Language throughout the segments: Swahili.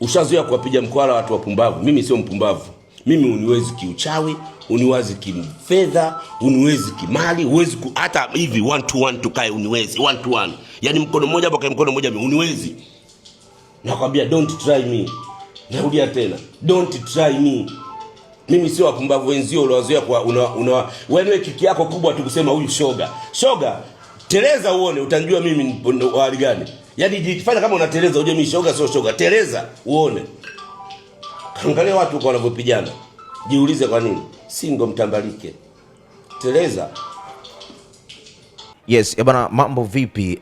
Ushazoea kuwapiga mkwala watu wapumbavu. Mimi sio mpumbavu. Mimi uniwezi kiuchawi, uniwezi kimfedha, uniwezi kimali, uwezi ku hata hivi one to one tukae uniwezi one to one. Yaani mkono mmoja hapa kwa mkono mmoja uniwezi. Nakwambia don't try me. Narudia tena. Don't try me. Mimi sio wapumbavu wenzio uliwazoea kwa una, una wewe kiki yako kubwa tukusema huyu shoga. Shoga, teleza uone utanjua mimi ni wali gani. Yaani jifanya kama unateleza, unajua mishoga sio shoga. Teleza uone. Angalia watu kwa wanavyopigana. Jiulize kwa nini? Singo mtambalike. Teleza. Yes, bana, mambo vipi? Uh,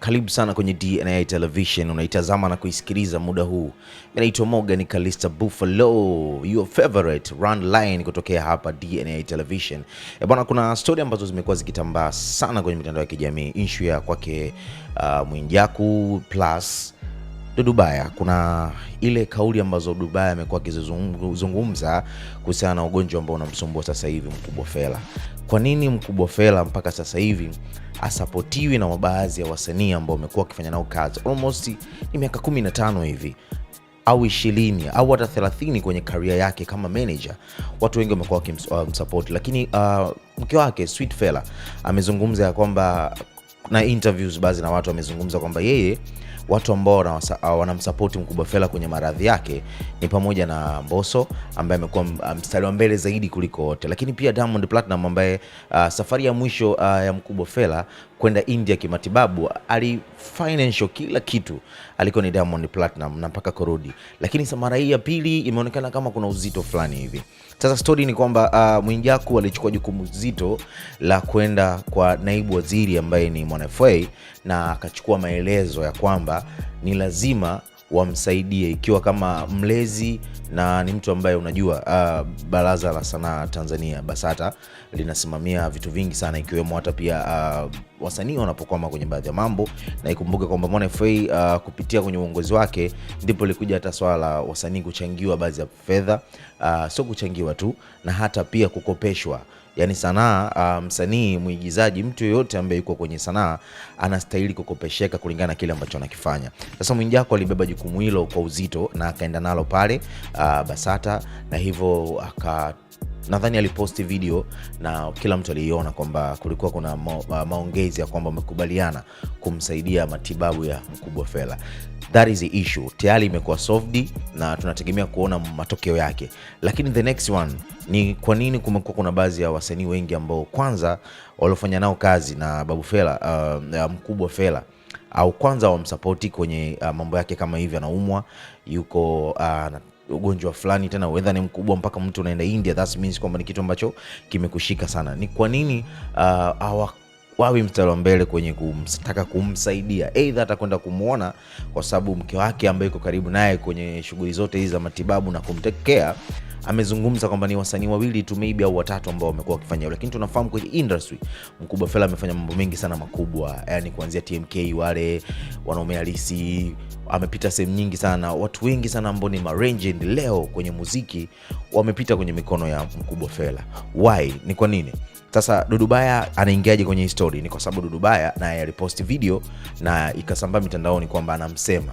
karibu sana kwenye DNA Television, unaitazama na kuisikiliza muda huu. Mimi naitwa Morgan Kalista Buffalo, your favorite run line kutokea hapa DNA Television. bana, kuna story ambazo zimekuwa zikitambaa sana kwenye mitandao ya kijamii, issue ya kwake uh, ah, Mwijaku plus Dudubaya. Kuna ile kauli ambazo Dudubaya amekuwa akizungumza kuhusiana na ugonjwa ambao unamsumbua sasa hivi mkubwa Fela kwa nini mkubwa Fela mpaka sasa hivi asapotiwi na mabaadhi ya wasanii ambao wamekuwa wakifanya nao kazi almost ni miaka 15 hivi au 20 au hata 30 kwenye karia yake kama manager, watu wengi wamekuwa wakimsupport, uh, lakini uh, mke wake Sweet Fela amezungumza ya kwamba na interviews baadhi na watu wamezungumza kwamba yeye watu ambao wanamsapoti ah, Mkubwa Fela kwenye maradhi yake ni pamoja na Mbosso ambaye amekuwa ah, mstari wa mbele zaidi kuliko wote, lakini pia Diamond Platinum ambaye uh, safari ya mwisho uh, ya Mkubwa Fela kwenda India kimatibabu, ali financial kila kitu alikuwa ni Diamond Platinum na mpaka kurudi, lakini mara hii ya pili imeonekana kama kuna uzito fulani hivi. Sasa story ni kwamba uh, ah, Mwijaku alichukua jukumu zito la kwenda kwa naibu waziri ambaye ni MwanaFA na akachukua maelezo ya kwamba ni lazima wamsaidie ikiwa kama mlezi na ni mtu ambaye unajua, uh, Baraza la Sanaa Tanzania BASATA linasimamia vitu vingi sana ikiwemo hata pia uh, wasanii wanapokwama kwenye baadhi ya mambo, na ikumbuke kwamba Mwana FA uh, kupitia kwenye uongozi wake ndipo likuja hata swala la wasanii kuchangiwa baadhi ya fedha uh, sio kuchangiwa tu na hata pia kukopeshwa Yani sanaa uh, msanii, mwigizaji, mtu yoyote ambaye yuko kwenye sanaa anastahili kukopesheka kulingana na kile ambacho anakifanya. Sasa Mwijaku alibeba jukumu hilo kwa uzito na akaenda nalo pale uh, BASATA na hivyo aka nadhani aliposti video na kila mtu aliiona kwamba kulikuwa kuna ma maongezi ya kwamba wamekubaliana kumsaidia matibabu ya mkubwa Fella. That is the issue, tayari imekuwa solved na tunategemea kuona matokeo yake, lakini the next one ni kwa nini kumekuwa kuna baadhi ya wasanii wengi ambao kwanza waliofanya nao kazi na babu Fella, uh, mkubwa Fella au kwanza wamsapoti kwenye uh, mambo yake, kama hivyo anaumwa, yuko uh, ugonjwa fulani tena wedha ni mkubwa mpaka mtu unaenda India, that means kwamba ni kitu ambacho kimekushika sana. Ni kwa nini uh, wawi mstari wa mbele kwenye kumtaka kumsaidia, aidha atakwenda kumwona kwa sababu mke wake ambaye iko karibu naye kwenye shughuli zote hizi za matibabu na kumtekea amezungumza kwamba ni wasanii wawili tu maybe au watatu ambao wamekuwa wakifanya hivyo, lakini tunafahamu kwenye industry Mkubwa Fela amefanya mambo mengi sana makubwa, yani kuanzia TMK wale wanaume halisi, amepita sehemu nyingi sana. Watu wengi sana ambao ni legend leo kwenye muziki wamepita kwenye mikono ya Mkubwa Fela. Why? Ni kwa nini? Sasa Dudubaya anaingiaje kwenye histori? Ni kwa sababu Dudubaya naye aliposti video na ikasambaa mitandaoni kwamba anamsema,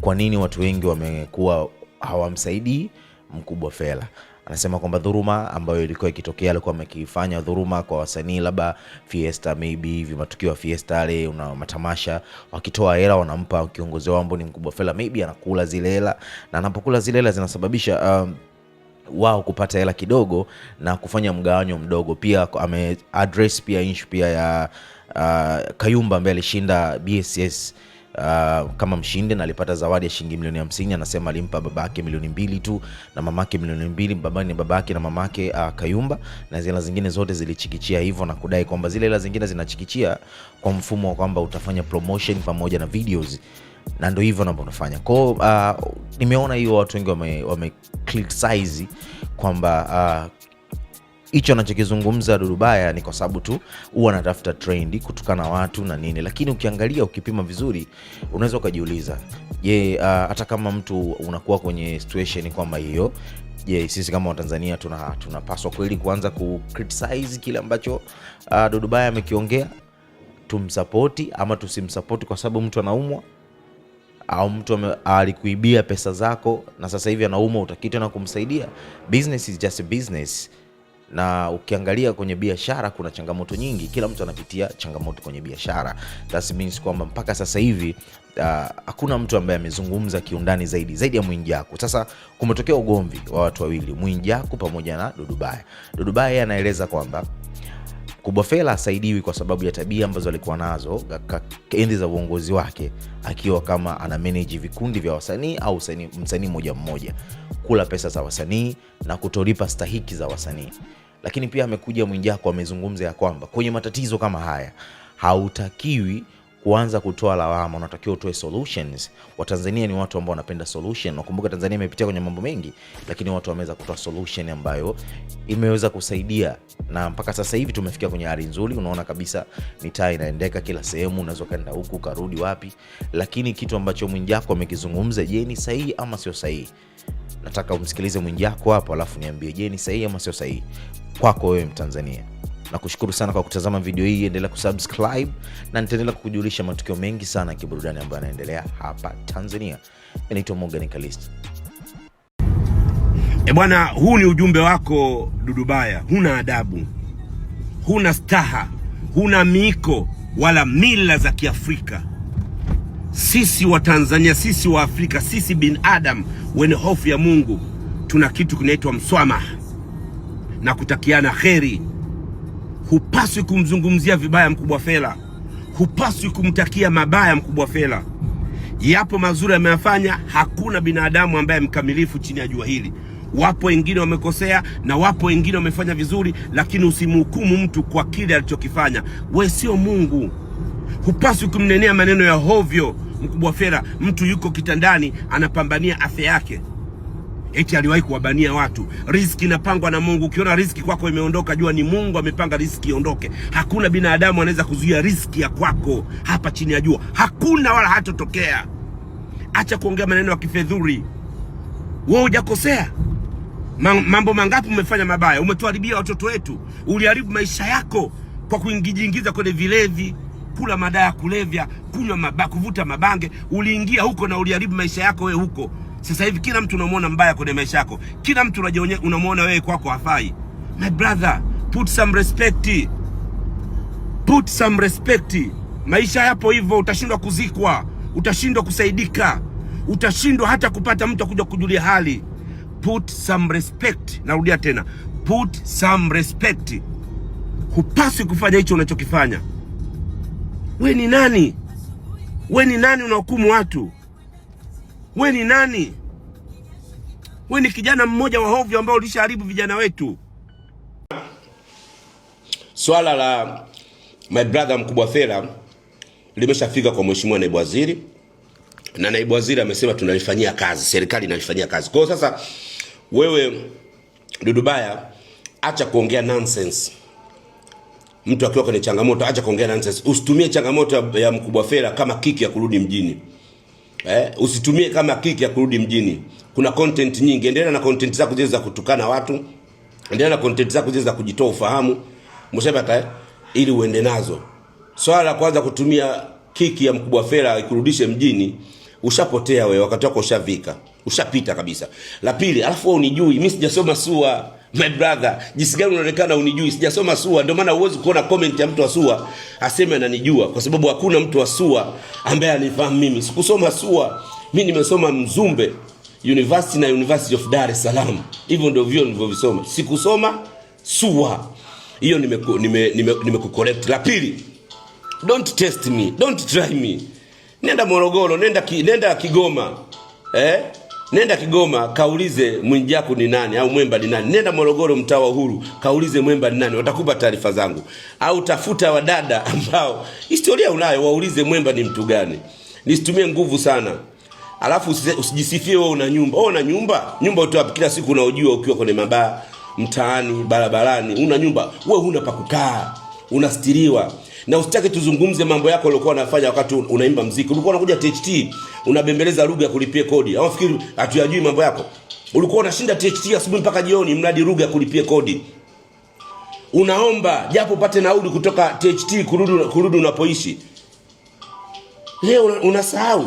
kwa nini watu wengi wamekuwa hawamsaidii mkubwa Fela. Anasema kwamba dhuruma ambayo ilikuwa ikitokea, alikuwa amekifanya dhuruma kwa wasanii, labda fiesta maybe hivi, matukio ya fiesta ale una matamasha, wakitoa hela wanampa kiongozi wao ambao ni mkubwa Fela, maybe anakula zile hela, na anapokula zile hela zinasababisha um, wao kupata hela kidogo na kufanya mgawanyo mdogo. Pia ame address pia issue pia ya uh, Kayumba ambaye alishinda BSS Uh, kama mshindi na alipata zawadi ya shilingi milioni hamsini. Anasema alimpa babake milioni mbili tu na mamake milioni mbili, baba ni babake na mamake uh, Kayumba, na zile zingine zote zilichikichia hivyo, na kudai kwamba zile hela zingine zinachikichia kwa mfumo wa kwamba utafanya promotion pamoja na videos na ndo hivyo namba unafanya kwao. Uh, ah, nimeona hiyo watu wengi wame, wame click kwamba ah, hicho uh, anachokizungumza Dudubaya ni kwa sababu tu huwa anatafuta trendi kutokana watu na nini, lakini ukiangalia ukipima vizuri unaweza ukajiuliza, je, ah, hata uh, kama mtu unakuwa kwenye situation kwamba hiyo Je, yeah, sisi kama Watanzania tunapaswa tuna kweli kuanza ku kile ambacho uh, Dudubaya amekiongea, tumsapoti ama tusimsapoti kwa sababu mtu anaumwa? au mtu alikuibia pesa zako na sasa hivi anauma, utakii tena kumsaidia? Business is just business. Na ukiangalia kwenye biashara kuna changamoto nyingi, kila mtu anapitia changamoto kwenye biashara. That means kwamba mpaka sasa hivi uh, hakuna uh, mtu ambaye amezungumza kiundani zaidi zaidi ya Mwijaku. Sasa kumetokea ugomvi wa watu wawili, Mwijaku pamoja na Dudubaya. Dudubaya anaeleza kwamba fela asaidiwi kwa sababu ya tabia ambazo alikuwa nazo enzi za uongozi wake, akiwa kama ana meneji vikundi vya wasanii au msanii mmoja mmoja, kula pesa za wasanii na kutolipa stahiki za wasanii. Lakini pia amekuja Mwijaku amezungumza ya kwamba kwenye matatizo kama haya hautakiwi kuanza kutoa lawama, unatakiwa utoe solutions. Watanzania ni watu ambao wanapenda solution. Nakumbuka Tanzania imepitia kwenye mambo mengi, lakini watu wameweza kutoa solution ambayo imeweza kusaidia, na mpaka sasa hivi tumefikia kwenye hali nzuri. Unaona kabisa mitaa inaendeka kila sehemu, unaweza kaenda huku karudi wapi. Lakini kitu ambacho Mwijaku amekizungumza, je, ni sahihi ama sio sahihi? Nataka umsikilize Mwijaku hapo, alafu niambie, je, ni sahihi ama sio sahihi kwako wewe Mtanzania. Nakushukuru sana kwa kutazama video hii, endelea kusubscribe na nitaendelea kukujulisha matukio mengi sana ya kiburudani ambayo yanaendelea hapa Tanzania. Inaitwa Morgan kalist E bwana, huu ni ujumbe wako Dudubaya. Huna adabu, huna staha, huna miiko wala mila za Kiafrika. Sisi wa Tanzania, sisi wa Afrika, sisi adam wenye hofu ya Mungu tuna kitu kinaitwa mswamaha na kutakiana kheri. Hupaswi kumzungumzia vibaya Mkubwa Fela, hupaswi kumtakia mabaya Mkubwa Fela. Yapo mazuri ameyafanya. Hakuna binadamu ambaye mkamilifu chini ya jua hili. Wapo wengine wamekosea na wapo wengine wamefanya vizuri, lakini usimhukumu mtu kwa kile alichokifanya. We sio Mungu, hupaswi kumnenea maneno ya hovyo Mkubwa Fela. Mtu yuko kitandani anapambania afya yake eti aliwahi kuwabania watu. Riziki inapangwa na Mungu. Ukiona riziki kwako imeondoka, jua ni Mungu amepanga riziki iondoke. Hakuna binadamu anaweza kuzuia riziki ya kwako hapa chini ya jua, hakuna wala hatotokea. Acha kuongea maneno ya kifedhuri. Wewe hujakosea. Mambo mangapi umefanya mabaya? Umetuharibia watoto wetu, uliharibu maisha yako kwa kuingijiingiza kwenye vilevi, kula madawa ya kulevya, kunywa mabaku, kuvuta mabange. Uliingia huko na uliharibu maisha yako we huko. Sasa hivi kila mtu unamwona mbaya kwenye maisha yako, kila mtu unamwona wewe kwako hafai. My brother, put some respect, put some respect. Maisha yapo hivyo, utashindwa kuzikwa, utashindwa kusaidika, utashindwa hata kupata mtu akuja kujulia hali. Put some respect. Narudia tena, put some respect. Hupaswi kufanya hicho unachokifanya. We ni nani? We ni nani unahukumu watu? we ni nani? We ni kijana mmoja wa hovyo ambao ulishaharibu vijana wetu. Swala la my brother mkubwa Fela limeshafika kwa mheshimiwa naibu waziri, na naibu waziri amesema tunalifanyia kazi, serikali inalifanyia kazi. Kwa hiyo sasa, wewe Dudubaya, acha kuongea nonsense. Mtu akiwa kwenye changamoto acha kuongea nonsense, usitumie changamoto ya mkubwa Fela kama kiki ya kurudi mjini eh, usitumie kama kiki ya kurudi mjini. Kuna content nyingi, endelea na content zako zile za kutukana watu, endelea na content zako zile za kujitoa ufahamu, mshapata eh, ili uende nazo. Swala la kwanza kutumia kiki ya mkubwa fela ikurudishe mjini, ushapotea wewe, wakati wako ushavika, ushapita kabisa. La pili, alafu wewe unijui mimi, sijasoma SUA My brother, jinsi gani unaonekana unijui? Sijasoma SUA, ndio maana huwezi kuona comment ya mtu wa SUA aseme ananijua, kwa sababu hakuna mtu wa SUA ambaye anifahamu mimi. Sikusoma SUA, mimi nimesoma Mzumbe University na University of Dar es Salaam. Hivyo ndio vyo nilivyovisoma. Sikusoma SUA. Hiyo nimekucorrect nime, nime, nime. La pili, don't test me, don't try me. Nenda Morogoro, nenda, ki, nenda Kigoma eh? Nenda Kigoma kaulize Mwijaku ni nani au Mwemba ni nani. Nenda Morogoro mtaa wa Uhuru kaulize Mwemba ni nani, watakupa taarifa zangu. Au tafuta wadada ambao historia unayo, waulize Mwemba ni mtu gani. Nisitumie nguvu sana. Alafu usijisifie wewe una nyumba. Wewe una nyumba? Nyumba utoa Kila siku unaojua ukiwa kwenye mabaa, mtaani, barabarani, una nyumba. Wewe huna pa kukaa. Unastiriwa. Na usitaki tuzungumze mambo yako uliokuwa unafanya wakati unaimba mziki. Ulikuwa unakuja THT unabembeleza lugha kulipia kodi. Au fikiri hatuyajui mambo yako. Ulikuwa unashinda THT asubuhi mpaka jioni, mradi lugha kulipia kodi. Unaomba japo upate nauli kutoka THT kurudi kurudi unapoishi. Leo unasahau.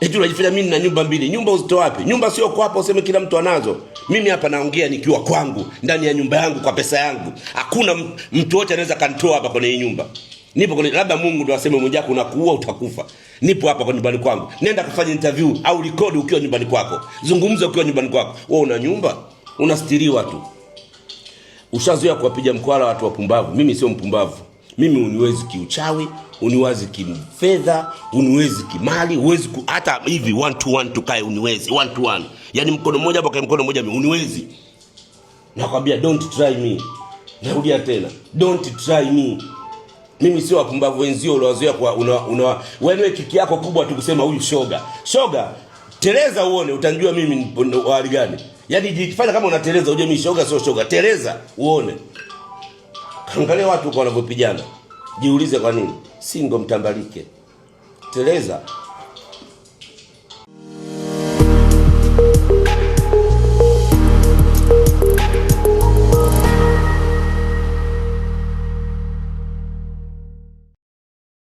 Eti unajifanya mimi nina nyumba mbili. Nyumba uzito wapi? Nyumba sio kwa hapa useme kila mtu anazo. Mimi hapa naongea nikiwa kwangu ndani ya nyumba yangu kwa pesa yangu. Hakuna mtu wote anaweza kanitoa hapa kwenye hii nyumba nipo kwenye labda Mungu ndo aseme mmoja mwenzako unakuua utakufa. Nipo hapa kwa nyumbani kwangu. Nenda kufanya interview au record ukiwa nyumbani kwako. Zungumza ukiwa nyumbani kwako. Wewe una nyumba? Unastiriwa tu. Ushazoea kuwapiga mkwala watu wapumbavu. Mimi sio mpumbavu. Mimi uniwezi kiuchawi, uniwezi kimfedha, uniwezi kimali, uwezi ku, hata hivi one to one tukae uniwezi, one to one. Yaani mkono mmoja hapo kae mkono mmoja mimi uniwezi. Nakwambia don't try me. Narudia tena. Don't try me. Mimi sio wapumbavu wenzio uliwazoea kwa una, una yaani wewe kiki yako kubwa tu kusema huyu shoga. Shoga, teleza uone utanjua mimi wa hali gani. Yaani jifanya kama unateleza uje mimi shoga sio shoga. Teleza uone. Angalia watu kwa wanavyopigana. Jiulize kwa nini? Singo mtambalike. Teleza